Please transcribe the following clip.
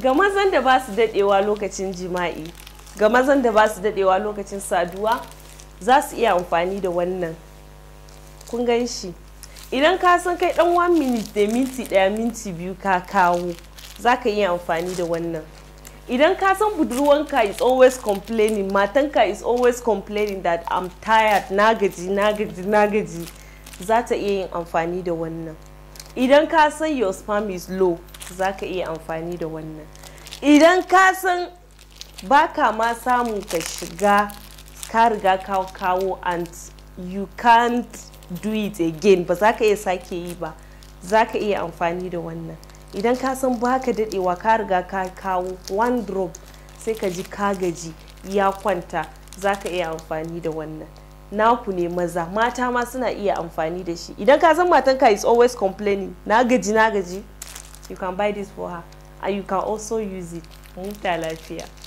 ga mazan da ba su dadewa lokacin jima'i ga mazan da ba su dadewa lokacin saduwa za su iya amfani da wannan kun gan shi idan ka san kai dan 1 minute da minti daya minti biyu ka kawo za ka iya amfani da wannan idan ka san budurwanka is always complaining matanka is always complaining that i'm tired na gaji na gaji na gaji za ta iya yin amfani da wannan idan ka san your spam is low za ka iya amfani da wannan idan ka san ba ka ma samu ka shiga ka riga ka kawo and you can't do it again ba za ka iya sake yi ba za ka iya amfani da wannan idan ka san ba ka daɗewa ka riga ka kawo one drop sai ka ji ka gaji ya kwanta za ka iya amfani da wannan naku ne maza mata ma suna iya amfani da shi idan ka san matan ka is always complaining na gaji na gaji You can buy this for her and you can also use it. here.